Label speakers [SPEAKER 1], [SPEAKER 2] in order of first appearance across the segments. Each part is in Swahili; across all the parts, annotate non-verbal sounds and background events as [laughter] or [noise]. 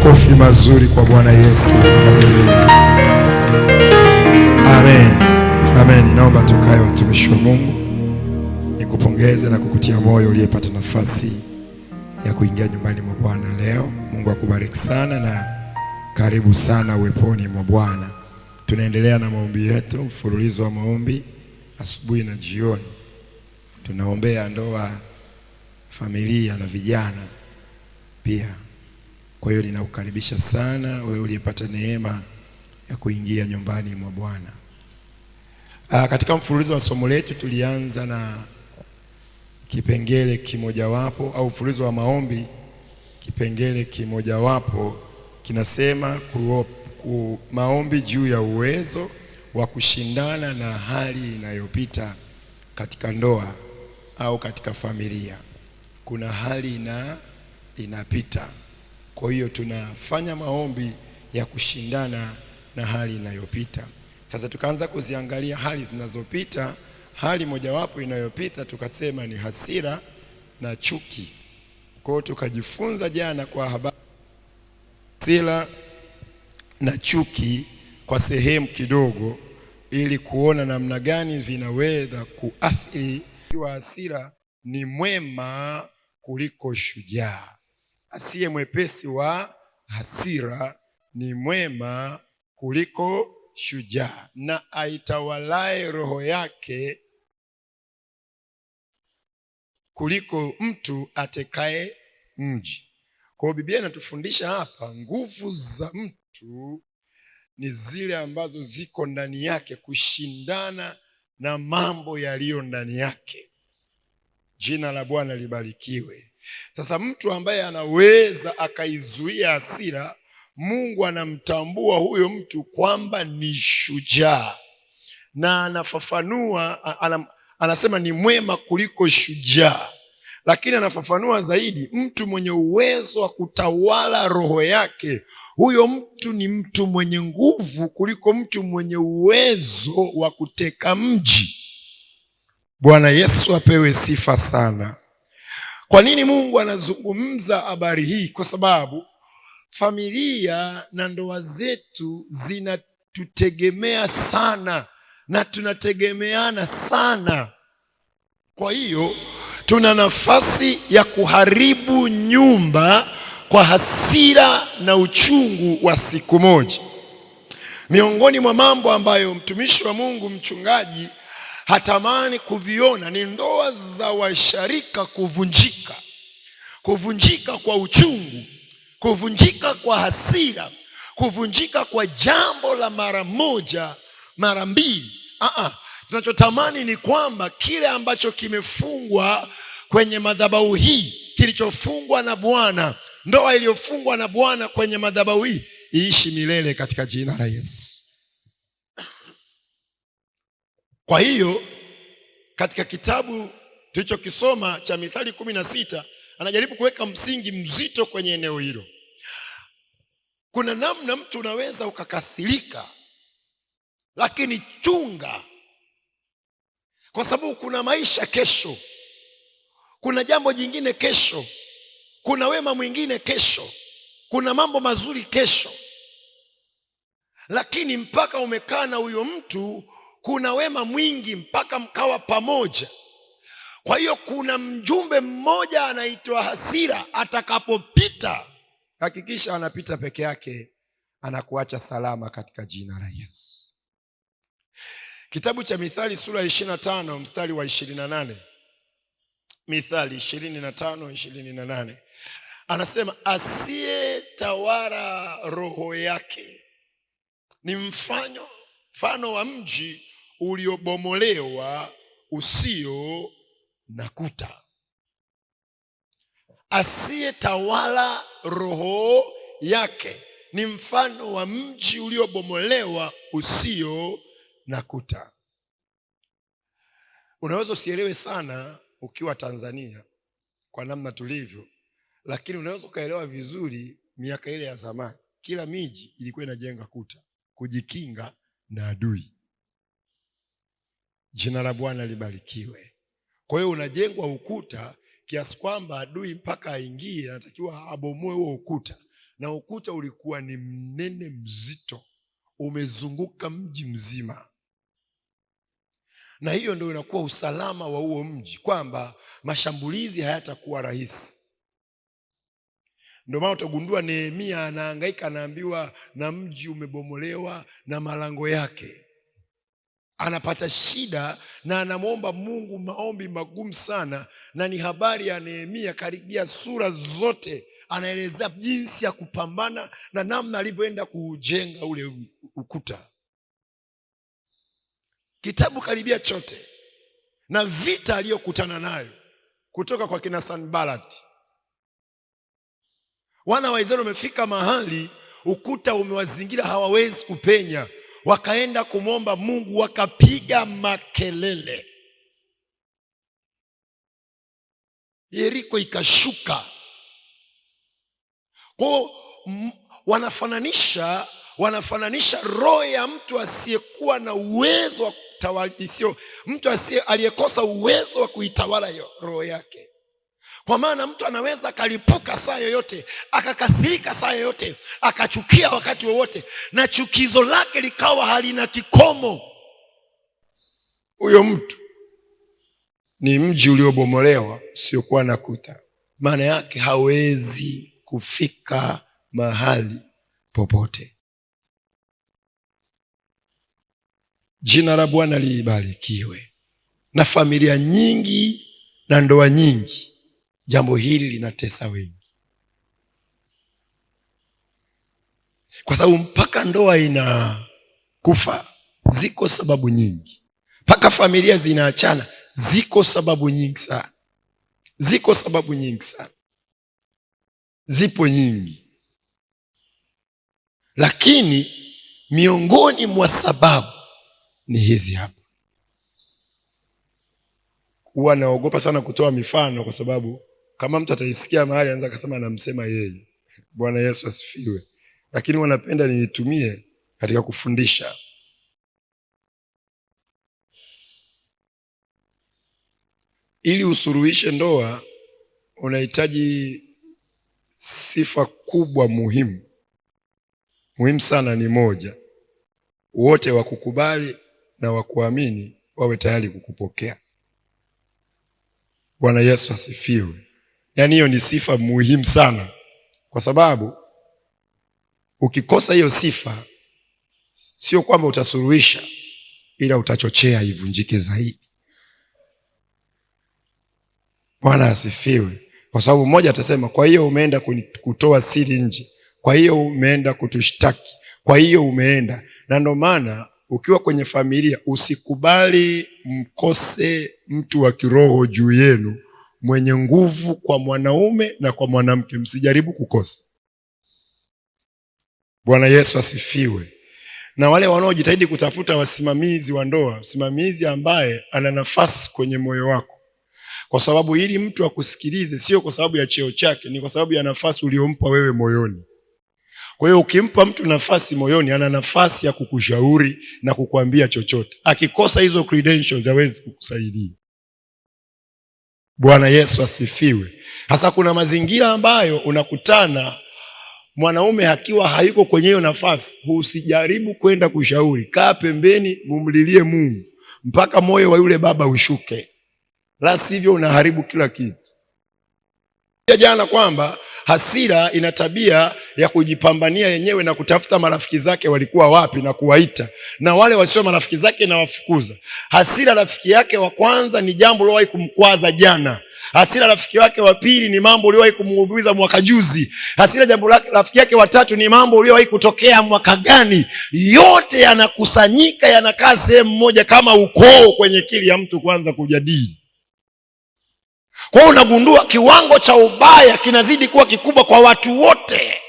[SPEAKER 1] Makofi mazuri kwa Bwana Yesu. Amen, amen, amen. Naomba tukae, watumishi wa Mungu, nikupongeze na kukutia moyo uliyepata nafasi ya kuingia nyumbani mwa Bwana leo. Mungu akubariki sana na karibu sana uweponi mwa Bwana. Tunaendelea na maombi yetu, mfululizo wa maombi asubuhi na jioni. Tunaombea ndoa, familia na vijana pia. Kwa hiyo ninakukaribisha sana wewe uliyepata neema ya kuingia nyumbani mwa Bwana. Ah, katika mfululizo wa somo letu tulianza na kipengele kimojawapo au mfululizo wa maombi, kipengele kimojawapo kinasema ku, ku, maombi juu ya uwezo wa kushindana na hali inayopita katika ndoa au katika familia. Kuna hali na inapita kwa hiyo tunafanya maombi ya kushindana na hali inayopita. Sasa tukaanza kuziangalia hali zinazopita. Hali mojawapo inayopita tukasema ni hasira na chuki. Kwa hiyo tukajifunza jana kwa habari hasira na chuki kwa sehemu kidogo, ili kuona namna gani vinaweza kuathiri. Hasira ni mwema kuliko shujaa asiye mwepesi wa hasira, ni mwema kuliko shujaa, na aitawalaye roho yake kuliko mtu atekaye mji. Kwa hiyo Biblia inatufundisha hapa, nguvu za mtu ni zile ambazo ziko ndani yake kushindana na mambo yaliyo ndani yake. Jina la Bwana libarikiwe. Sasa mtu ambaye anaweza akaizuia asira Mungu anamtambua huyo mtu kwamba ni shujaa na anafafanua anam, anasema ni mwema kuliko shujaa, lakini anafafanua zaidi, mtu mwenye uwezo wa kutawala roho yake, huyo mtu ni mtu mwenye nguvu kuliko mtu mwenye uwezo wa kuteka mji. Bwana Yesu apewe sifa sana. Kwa nini Mungu anazungumza habari hii? Kwa sababu familia na ndoa zetu zinatutegemea sana na tunategemeana sana. Kwa hiyo tuna nafasi ya kuharibu nyumba kwa hasira na uchungu wa siku moja. Miongoni mwa mambo ambayo mtumishi wa Mungu mchungaji hatamani kuviona ni ndoa za washarika kuvunjika, kuvunjika kwa uchungu, kuvunjika kwa hasira, kuvunjika kwa jambo la mara moja mara mbili. tunachotamani ni kwamba kile ambacho kimefungwa kwenye madhabahu hii, kilichofungwa na Bwana, ndoa iliyofungwa na Bwana kwenye madhabahu hii iishi milele katika jina la Yesu. Kwa hiyo katika kitabu tulichokisoma cha Mithali kumi na sita anajaribu kuweka msingi mzito kwenye eneo hilo. Kuna namna mtu unaweza ukakasirika, lakini chunga, kwa sababu kuna maisha kesho, kuna jambo jingine kesho, kuna wema mwingine kesho, kuna mambo mazuri kesho, lakini mpaka umekaa na huyo mtu kuna wema mwingi mpaka mkawa pamoja. Kwa hiyo kuna mjumbe mmoja anaitwa hasira, atakapopita hakikisha anapita peke yake, anakuacha salama katika jina la Yesu. Kitabu cha Mithali sura ya na tano mstari wa ishirini na nane Mithali ishirini na tano ishirini na nane anasema asiyetawara roho yake ni mfano mfano wa mji uliobomolewa usio na kuta, asiyetawala roho yake ni mfano wa mji uliobomolewa usio na kuta. Unaweza usielewe sana ukiwa Tanzania kwa namna tulivyo, lakini unaweza ukaelewa vizuri miaka ile ya zamani. Kila miji ilikuwa inajenga kuta kujikinga na adui. Jina la Bwana libarikiwe. Kwa hiyo unajengwa ukuta kiasi kwamba adui mpaka aingie, anatakiwa abomoe huo ukuta, na ukuta ulikuwa ni mnene mzito, umezunguka mji mzima, na hiyo ndio inakuwa usalama wa huo mji, kwamba mashambulizi hayatakuwa rahisi. Ndio maana utagundua Nehemia anahangaika, anaambiwa na mji umebomolewa na malango yake anapata shida na anamwomba Mungu maombi magumu sana, na ni habari ya Nehemia karibia sura zote anaelezea jinsi ya kupambana na namna alivyoenda kuujenga ule ukuta. Kitabu karibia chote na vita aliyokutana nayo kutoka kwa kina Sanbalati. Wana wa Israeli wamefika mahali ukuta umewazingira, hawawezi kupenya wakaenda kumwomba Mungu, wakapiga makelele, Yeriko ikashuka. Kwao wanafananisha wanafananisha roho ya mtu asiyekuwa na uwezo wa kutawala, mtu aliyekosa uwezo wa kuitawala roho yake. Kwa maana mtu anaweza akalipuka saa yoyote, akakasirika saa yoyote, akachukia wakati wowote, na chukizo lake likawa halina kikomo. Huyo mtu ni mji uliobomolewa usiokuwa na kuta, maana yake hawezi kufika mahali popote. Jina la Bwana liibarikiwe. Na familia nyingi na ndoa nyingi Jambo hili linatesa wengi, kwa sababu mpaka ndoa inakufa ziko sababu nyingi, mpaka familia zinaachana ziko sababu nyingi sana, ziko sababu nyingi sana, zipo nyingi, lakini miongoni mwa sababu ni hizi hapa. Huwa naogopa sana kutoa mifano kwa sababu kama mtu ataisikia mahali anaweza akasema anamsema yeye. Bwana Yesu asifiwe. Lakini wanapenda niitumie katika kufundisha. Ili usuruhishe ndoa unahitaji sifa kubwa muhimu muhimu sana, ni moja, wote wakukubali na wakuamini wawe tayari kukupokea. Bwana Yesu asifiwe. Yaani hiyo ni sifa muhimu sana, kwa sababu ukikosa hiyo sifa, sio kwamba utasuluhisha, ila utachochea ivunjike zaidi. Bwana asifiwe. Kwa sababu mmoja atasema, kwa hiyo umeenda kutoa siri nje, kwa hiyo umeenda kutushtaki, kwa hiyo umeenda. Na ndio maana ukiwa kwenye familia usikubali mkose mtu wa kiroho juu yenu mwenye nguvu kwa mwanaume na kwa mwanamke, msijaribu kukosa. Bwana Yesu asifiwe. Na wale wanaojitahidi kutafuta wasimamizi wa ndoa, msimamizi ambaye ana nafasi kwenye moyo wako, kwa sababu ili mtu akusikilize, sio kwa sababu ya cheo chake, ni kwa sababu ya nafasi uliompa wewe moyoni. Kwa hiyo ukimpa mtu nafasi moyoni, ana nafasi ya kukushauri na kukuambia chochote. Akikosa hizo credentials, hawezi kukusaidia. Bwana Yesu asifiwe. Hasa kuna mazingira ambayo unakutana mwanaume akiwa hayuko kwenye hiyo nafasi, husijaribu kwenda kushauri. Kaa pembeni, mumlilie Mungu mpaka moyo wa yule baba ushuke, la sivyo unaharibu kila kitu. Jana kwamba Hasira ina tabia ya kujipambania yenyewe na kutafuta marafiki zake walikuwa wapi na kuwaita, na wale wasio marafiki zake inawafukuza. Hasira rafiki yake wa kwanza ni jambo uliowahi kumkwaza jana. Hasira rafiki wake wa pili ni mambo uliowahi kumuumiza mwaka juzi. Hasira jambo rafiki yake watatu ni mambo uliowahi kutokea mwaka gani. Yote yanakusanyika yanakaa sehemu moja kama ukoo kwenye kili ya mtu kuanza kujadili. Kwa unagundua kiwango cha ubaya kinazidi kuwa kikubwa kwa watu wote.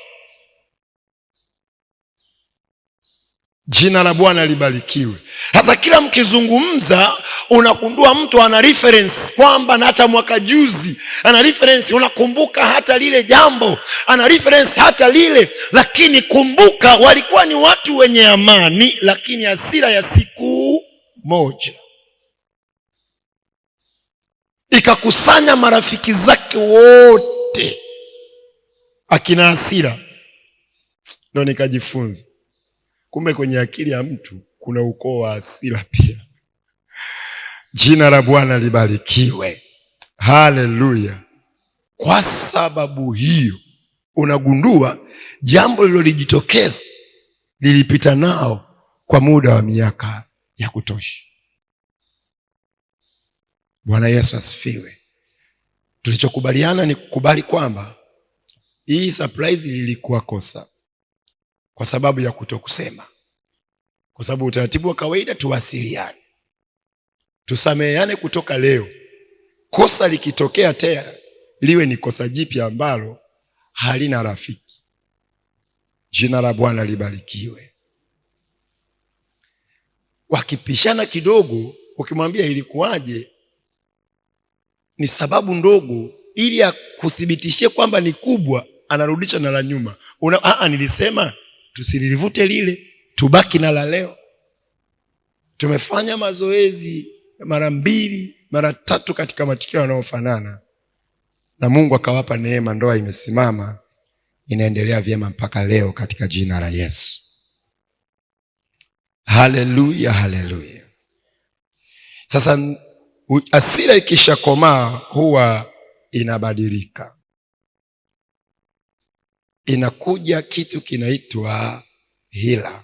[SPEAKER 1] Jina la Bwana libarikiwe. Sasa kila mkizungumza, unagundua mtu ana reference kwamba na hata mwaka juzi ana reference, unakumbuka hata lile jambo, ana reference hata lile. Lakini kumbuka, walikuwa ni watu wenye amani, lakini asira ya siku moja ikakusanya marafiki zake wote akina hasira, ndo nikajifunza kumbe kwenye akili ya mtu kuna ukoo wa hasira pia. Jina la Bwana libarikiwe, haleluya. Kwa sababu hiyo unagundua jambo lililojitokeza lilipita nao kwa muda wa miaka ya kutosha. Bwana Yesu asifiwe. Tulichokubaliana ni kukubali kwamba hii surprise lilikuwa kosa kwa sababu ya kutokusema, kwa sababu utaratibu wa kawaida tuwasiliane, tusameheane kutoka leo. Kosa likitokea tena liwe ni kosa jipya ambalo halina rafiki. Jina la Bwana libarikiwe. Wakipishana kidogo, ukimwambia ilikuwaje, ni sababu ndogo, ili akuthibitishie kwamba ni kubwa, anarudisha na la nyuma. Una, ah, ah, nilisema tusililivute lile, tubaki na la leo. Tumefanya mazoezi mara mbili mara tatu katika matukio yanayofanana, na Mungu akawapa neema, ndoa imesimama inaendelea vyema mpaka leo katika jina la Yesu. Haleluya, haleluya. Sasa Hasira ikishakomaa huwa inabadilika, inakuja kitu kinaitwa hila.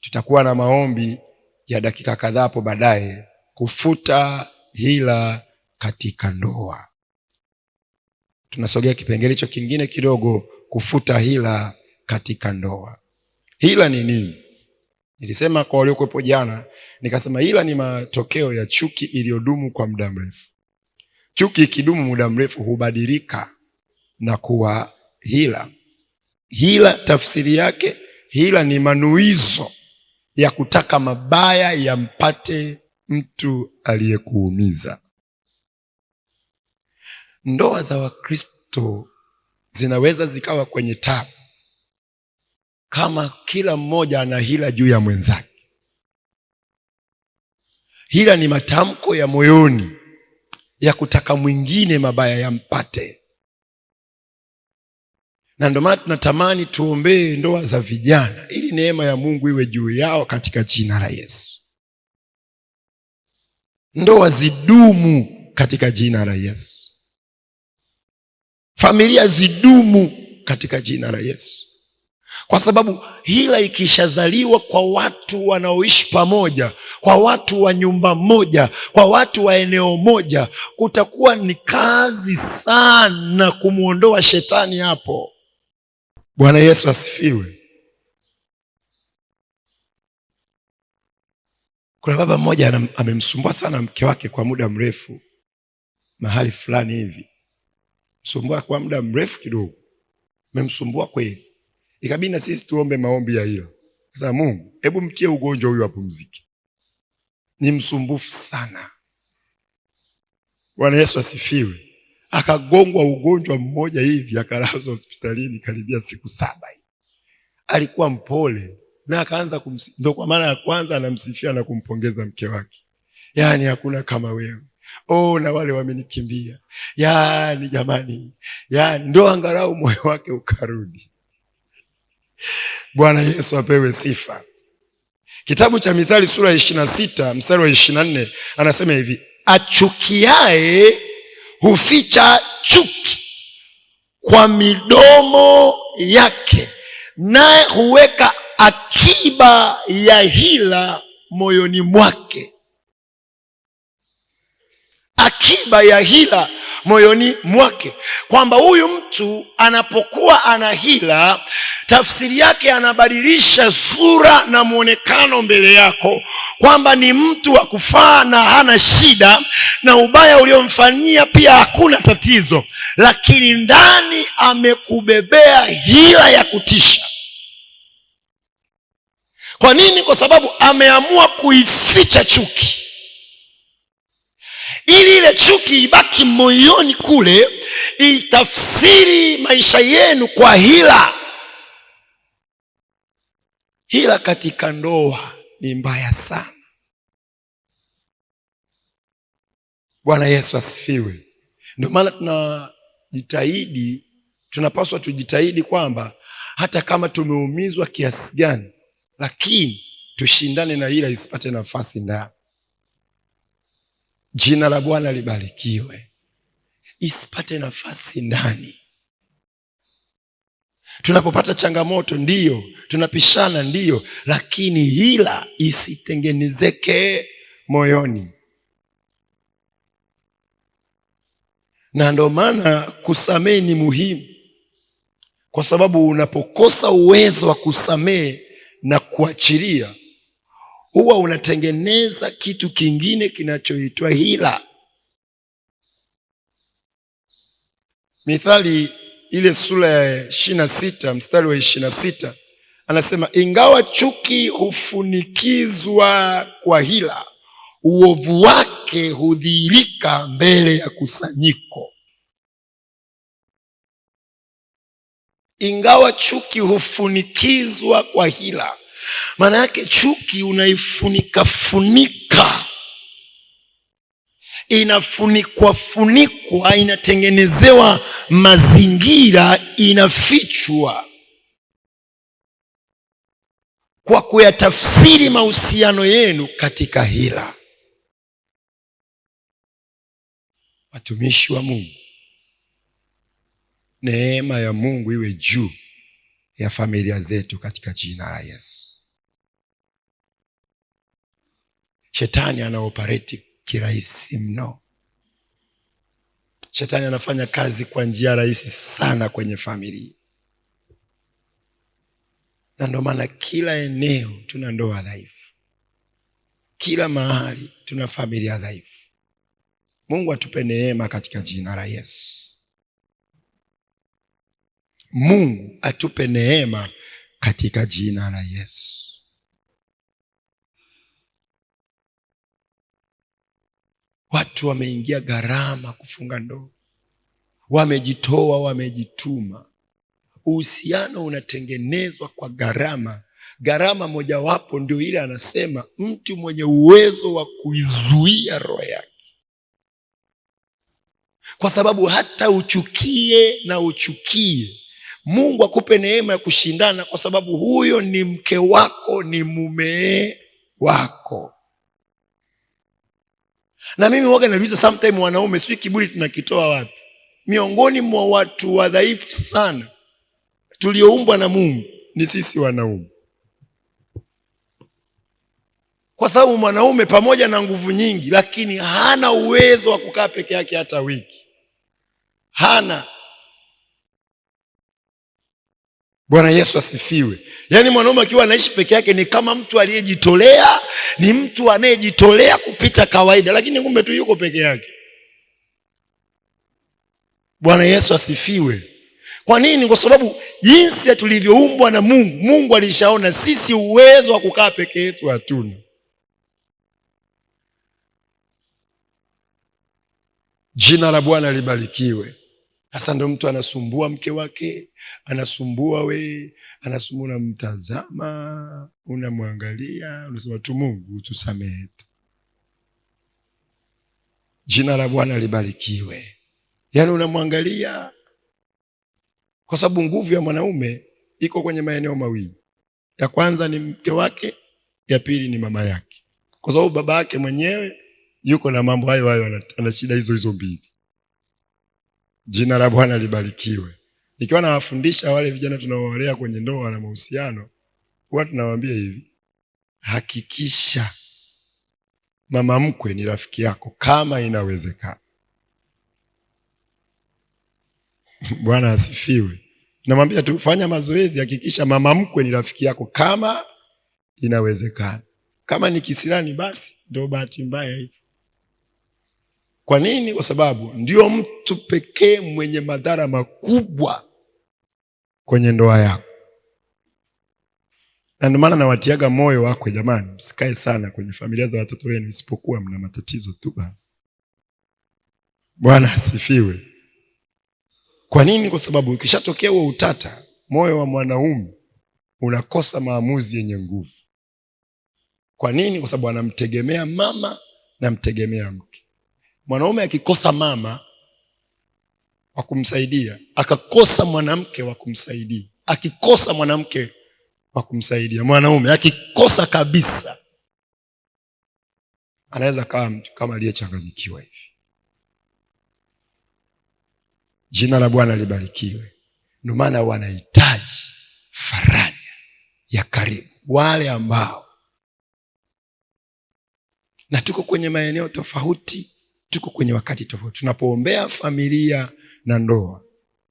[SPEAKER 1] Tutakuwa na maombi ya dakika kadhaa hapo baadaye, kufuta hila katika ndoa. Tunasogea kipengele hicho kingine kidogo, kufuta hila katika ndoa. Hila ni nini? Nilisema kwa waliokuwepo jana, nikasema ila ni matokeo ya chuki iliyodumu kwa muda mrefu. Chuki ikidumu muda mrefu hubadilika na kuwa hila. Hila tafsiri yake, hila ni manuizo ya kutaka mabaya yampate mtu aliyekuumiza. Ndoa za Wakristo zinaweza zikawa kwenye tabu kama kila mmoja ana hila juu ya mwenzake. Hila ni matamko ya moyoni ya kutaka mwingine mabaya yampate, na ndio maana tunatamani tuombee ndoa za vijana ili neema ya Mungu iwe juu yao katika jina la Yesu. Ndoa zidumu katika jina la Yesu. Familia zidumu katika jina la Yesu kwa sababu hila ikishazaliwa kwa watu wanaoishi pamoja, kwa watu wa nyumba moja, kwa watu wa eneo moja, kutakuwa ni kazi sana kumwondoa shetani hapo. Bwana Yesu asifiwe. Kuna baba mmoja amemsumbua sana mke wake kwa muda mrefu mahali fulani hivi, msumbua kwa muda mrefu kidogo, amemsumbua kweli Ikabidi na sisi tuombe maombi ya hilo. Sasa Mungu, hebu mtie ugonjwa huyu apumzike, ni msumbufu sana. Bwana Yesu asifiwe. Akagongwa ugonjwa mmoja hivi, akalazwa hospitalini karibia siku saba hivi. Alikuwa mpole na akaanza kumsi, ndo kwa mara ya kwanza anamsifia na kumpongeza mke wake, yaani hakuna kama wewe Oh, na wale wamenikimbia, yaani jamani, yaani ndo angalau moyo wake ukarudi. Bwana Yesu apewe sifa. Kitabu cha Mithali sura ya ishirini na sita mstari wa ishirini na nne anasema hivi, achukiae huficha chuki kwa midomo yake, naye huweka akiba ya hila moyoni mwake. Akiba ya hila moyoni mwake, kwamba huyu mtu anapokuwa ana hila tafsiri yake anabadilisha sura na mwonekano mbele yako, kwamba ni mtu wa kufaa na hana shida, na ubaya uliomfanyia pia hakuna tatizo, lakini ndani amekubebea hila ya kutisha. Kwa nini? Kwa sababu ameamua kuificha chuki ili ile chuki ibaki moyoni kule, itafsiri maisha yenu kwa hila Hila katika ndoa ni mbaya sana. Bwana Yesu asifiwe. Ndio maana tunajitahidi, tunapaswa tujitahidi kwamba hata kama tumeumizwa kiasi gani, lakini tushindane na hila isipate nafasi ndani. Jina la Bwana libarikiwe, isipate nafasi ndani tunapopata changamoto ndiyo, tunapishana ndiyo, lakini hila isitengenezeke moyoni. Na ndo maana kusamehe ni muhimu, kwa sababu unapokosa uwezo wa kusamehe na kuachilia, huwa unatengeneza kitu kingine kinachoitwa hila. Mithali ile sura ya ishirini na sita mstari wa ishirini na sita anasema ingawa chuki hufunikizwa kwa hila, uovu wake hudhihirika mbele ya kusanyiko. Ingawa chuki hufunikizwa kwa hila, maana yake chuki unaifunikafunika inafunikwa funikwa, inatengenezewa mazingira, inafichwa kwa kuyatafsiri mahusiano yenu katika hila. Watumishi wa Mungu, neema ya Mungu iwe juu ya familia zetu katika jina la Yesu. Shetani anaopareti kirahisi mno. Shetani anafanya kazi kwa njia rahisi sana kwenye familia, na ndio maana kila eneo tuna ndoa dhaifu, kila mahali tuna familia dhaifu. Mungu atupe neema katika jina la Yesu. Mungu atupe neema katika jina la Yesu. Watu wameingia gharama kufunga ndoa, wamejitoa, wamejituma. Uhusiano unatengenezwa kwa gharama. Gharama mojawapo ndio ile anasema mtu mwenye uwezo wa kuizuia roho yake, kwa sababu hata uchukie na uchukie, Mungu akupe neema ya kushindana, kwa sababu huyo ni mke wako, ni mume wako. Na mimi waga naliuliza sometime, wanaume sijui kiburi tunakitoa wapi? Miongoni mwa watu wadhaifu sana tulioumbwa na Mungu ni sisi wanaume, kwa sababu mwanaume pamoja na nguvu nyingi, lakini hana uwezo wa kukaa peke yake hata wiki, hana Bwana Yesu asifiwe. Yaani mwanaume akiwa anaishi peke yake ni kama mtu aliyejitolea, ni mtu anayejitolea kupita kawaida, lakini kumbe tu yuko peke yake. Bwana Yesu asifiwe. Kwa nini? Kwa sababu jinsi tulivyoumbwa na Mungu, Mungu alishaona sisi uwezo wa kukaa peke yetu hatuna. Jina la Bwana libarikiwe hasa ndo mtu anasumbua mke wake, anasumbua we, anasumbua, unamtazama, unamwangalia, unasema tu Mungu tusamehe tu. Jina la Bwana libarikiwe. Yaani unamwangalia, kwa sababu nguvu ya mwanaume iko kwenye maeneo mawili, ya kwanza ni mke wake, ya pili ni mama yake, kwa sababu baba yake mwenyewe yuko na mambo hayo hayo, ana shida hizo hizo mbili Jina la Bwana libarikiwe. Nikiwa nawafundisha wale vijana tunaowalea kwenye ndoa na mahusiano, huwa tunawaambia hivi, hakikisha mama mkwe ni rafiki yako kama inawezekana. [laughs] Bwana asifiwe. Namwambia tu fanya mazoezi, hakikisha mama mkwe ni rafiki yako kama inawezekana. Kama ni kisirani, basi ndo bahati mbaya hivi. Kwa nini? Kwa sababu ndio mtu pekee mwenye madhara makubwa kwenye ndoa yako, na ndio maana nawatiaga moyo wako, jamani, msikae sana kwenye familia za watoto wenu, isipokuwa mna matatizo tu basi. Bwana asifiwe. Kwa nini? Kwa sababu ukishatokea huo utata, moyo wa mwanaume unakosa maamuzi yenye nguvu. Kwa nini? Kwa sababu anamtegemea mama, namtegemea mke. Mwanaume akikosa mama wa kumsaidia, akakosa mwanamke wa kumsaidia, akikosa mwanamke wa kumsaidia, mwanaume akikosa kabisa, anaweza kawa mtu kama aliyechanganyikiwa hivi. Jina la Bwana libarikiwe. Ndio maana wanahitaji faraja ya karibu, wale ambao na tuko kwenye maeneo tofauti tuko kwenye wakati tofauti tunapoombea familia na ndoa,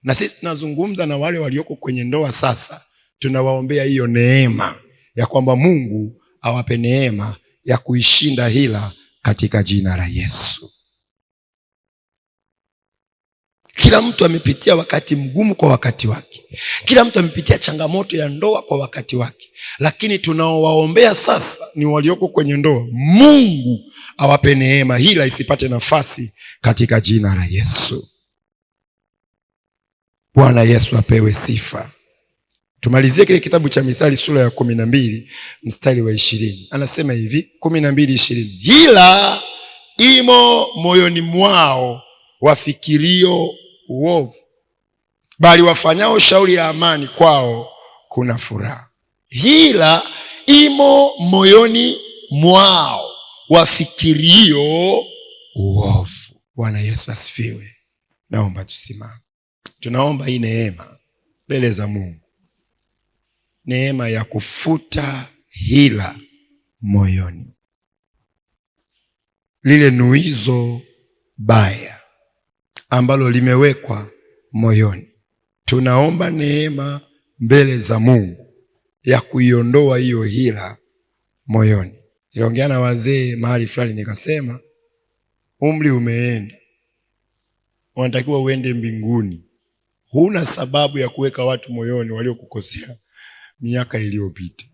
[SPEAKER 1] na sisi tunazungumza na wale walioko kwenye ndoa sasa, tunawaombea hiyo neema ya kwamba Mungu awape neema ya kuishinda hila katika jina la Yesu. Kila mtu amepitia wakati mgumu kwa wakati wake, kila mtu amepitia changamoto ya ndoa kwa wakati wake, lakini tunaowaombea sasa ni walioko kwenye ndoa. Mungu awape neema, hila isipate nafasi katika jina la Yesu. Bwana Yesu apewe sifa. Tumalizie kile kitabu cha Mithali sura ya kumi na mbili mstari wa ishirini anasema hivi, kumi na mbili ishirini hila imo moyoni mwao wafikirio uovu, bali wafanyao shauri ya amani kwao kuna furaha. Hila imo moyoni mwao wafikirio uovu. Bwana Yesu asifiwe. Naomba tusimame, tunaomba hii neema mbele za Mungu, neema ya kufuta hila moyoni, lile nuizo baya ambalo limewekwa moyoni. Tunaomba neema mbele za Mungu ya kuiondoa hiyo hila moyoni. Niliongea na wazee mahali fulani, nikasema umri umeenda, unatakiwa uende mbinguni. Huna sababu ya kuweka watu moyoni waliokukosea miaka iliyopita.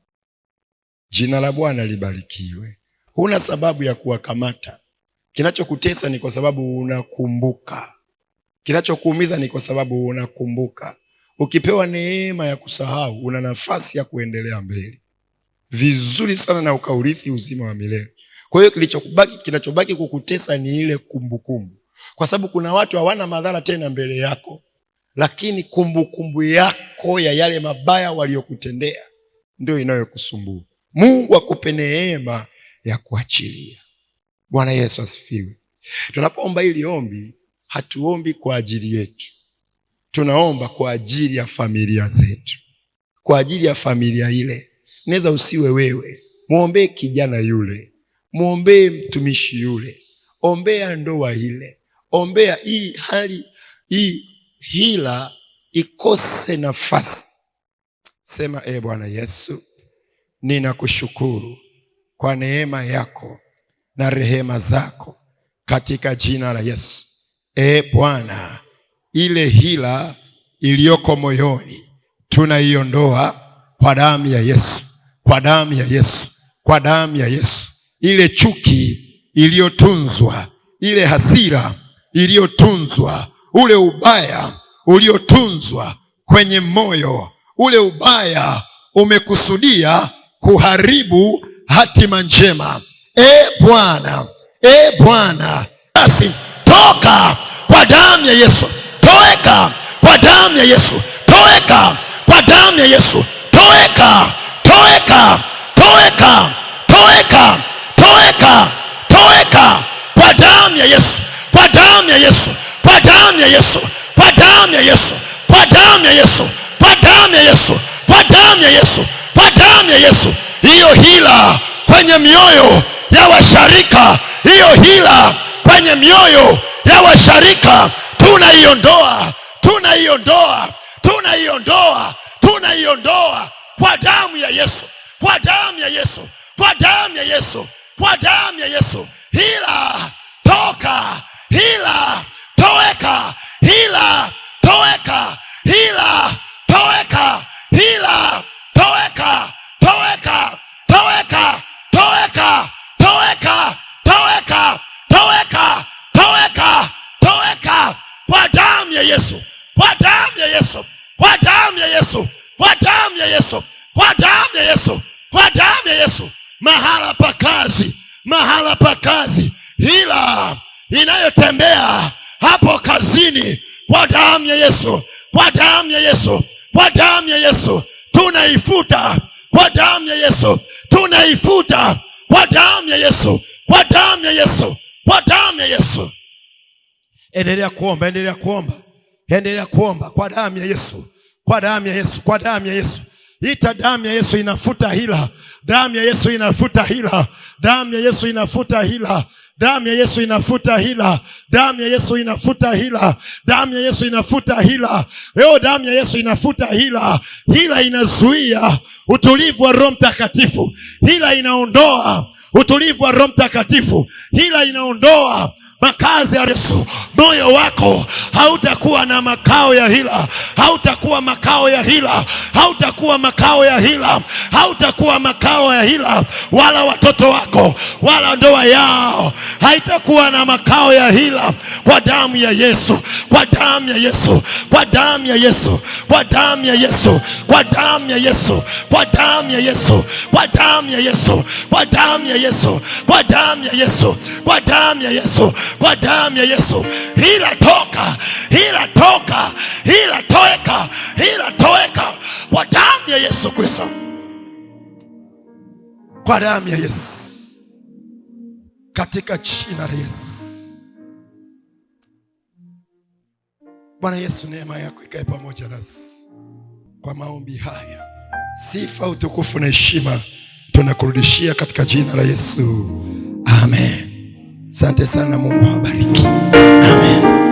[SPEAKER 1] Jina la Bwana libarikiwe. Huna sababu ya kuwakamata. Kinachokutesa ni kwa sababu unakumbuka Kinachokuumiza ni kwa sababu unakumbuka. Ukipewa neema ya kusahau, una nafasi ya kuendelea mbele vizuri sana na ukaurithi uzima wa milele. Kwa hiyo kilichobaki, kinachobaki kukutesa ni ile kumbukumbu, kwa sababu kuna watu hawana madhara tena mbele yako, lakini kumbukumbu kumbu yako ya yale mabaya waliyokutendea ndio inayokusumbua. Mungu akupe neema ya kuachilia. Bwana Yesu asifiwe. Tunapoomba hili ombi hatuombi kwa ajili yetu, tunaomba kwa ajili ya familia zetu, kwa ajili ya familia ile. Naweza usiwe wewe, mwombee kijana yule, mwombee mtumishi yule, ombea ndoa ile, ombea hii hali hii, hila ikose nafasi. Sema, e Bwana Yesu, ninakushukuru kwa neema yako na rehema zako, katika jina la Yesu. E Bwana, ile hila iliyoko moyoni tunaiondoa kwa damu ya Yesu, kwa damu ya Yesu, kwa damu ya Yesu. Ile chuki iliyotunzwa, ile hasira iliyotunzwa, ule ubaya uliotunzwa kwenye moyo, ule ubaya umekusudia kuharibu hatima njema. E Bwana, e Bwana, basi toka kwa damu ya Yesu, toweka kwa damu ya Yesu, toweka kwa damu ya Yesu, toweka, toweka, toweka, toweka, toweka, toweka kwa damu ya Yesu, kwa damu ya Yesu, kwa damu ya Yesu, kwa damu ya Yesu, kwa damu ya Yesu, kwa damu ya Yesu, kwa damu ya Yesu, kwa damu ya Yesu. Hiyo hila kwenye mioyo ya washarika, hiyo hila kwenye mioyo ya washirika tunaiondoa, tunaiondoa, tunaiondoa, tunaiondoa kwa damu ya Yesu, kwa damu ya Yesu, kwa damu ya Yesu, kwa damu ya Yesu. Hila toka, hila toweka, hila toweka, hila kwa damu ya Yesu, kwa damu ya Yesu, kwa damu ya Yesu, kwa damu ya Yesu. Mahala pa kazi, mahala pa kazi, hila inayotembea hapo kazini, kwa damu ya Yesu, kwa damu ya Yesu, kwa damu ya Yesu tunaifuta kwa damu ya Yesu, tunaifuta kwa damu ya Yesu, kwa damu ya Yesu, kwa damu ya Yesu. Endelea kuomba, endelea kuomba endelea kuomba kwa damu ya Yesu, kwa damu ya Yesu, kwa damu ya Yesu. Ita damu ya Yesu inafuta hila, damu ya Yesu inafuta hila, damu ya Yesu inafuta hila damu ya Yesu inafuta hila, damu ya Yesu inafuta hila, damu ya Yesu inafuta hila. Leo damu ya Yesu inafuta hila. Hila inazuia utulivu wa Roho Mtakatifu, hila inaondoa utulivu wa Roho Mtakatifu, hila inaondoa makazi ya Yesu. Moyo wako hautakuwa na makao ya hila, hautakuwa makao ya hila, hautakuwa makao ya hila, hautakuwa makao ya hila, wala watoto wako wala ndoa yao haitakuwa na makao ya hila, kwa damu ya Yesu, kwa damu ya Yesu, kwa damu ya Yesu, kwa damu ya Yesu, kwa damu ya Yesu, kwa damu ya Yesu, kwa damu ya Yesu, kwa damu ya Yesu, kwa damu ya Yesu, kwa damu ya Yesu kwa damu ya Yesu. Hila toka, hila toka, hila toeka, hila toeka kwa damu ya Yesu Kristo, kwa damu ya Yesu, katika jina la Yesu. Bwana Yesu, neema yako ikae pamoja nasi kwa maombi haya. Sifa, utukufu na heshima tunakurudishia katika jina la Yesu, amen. Asante sana, Mungu awabariki. Amen.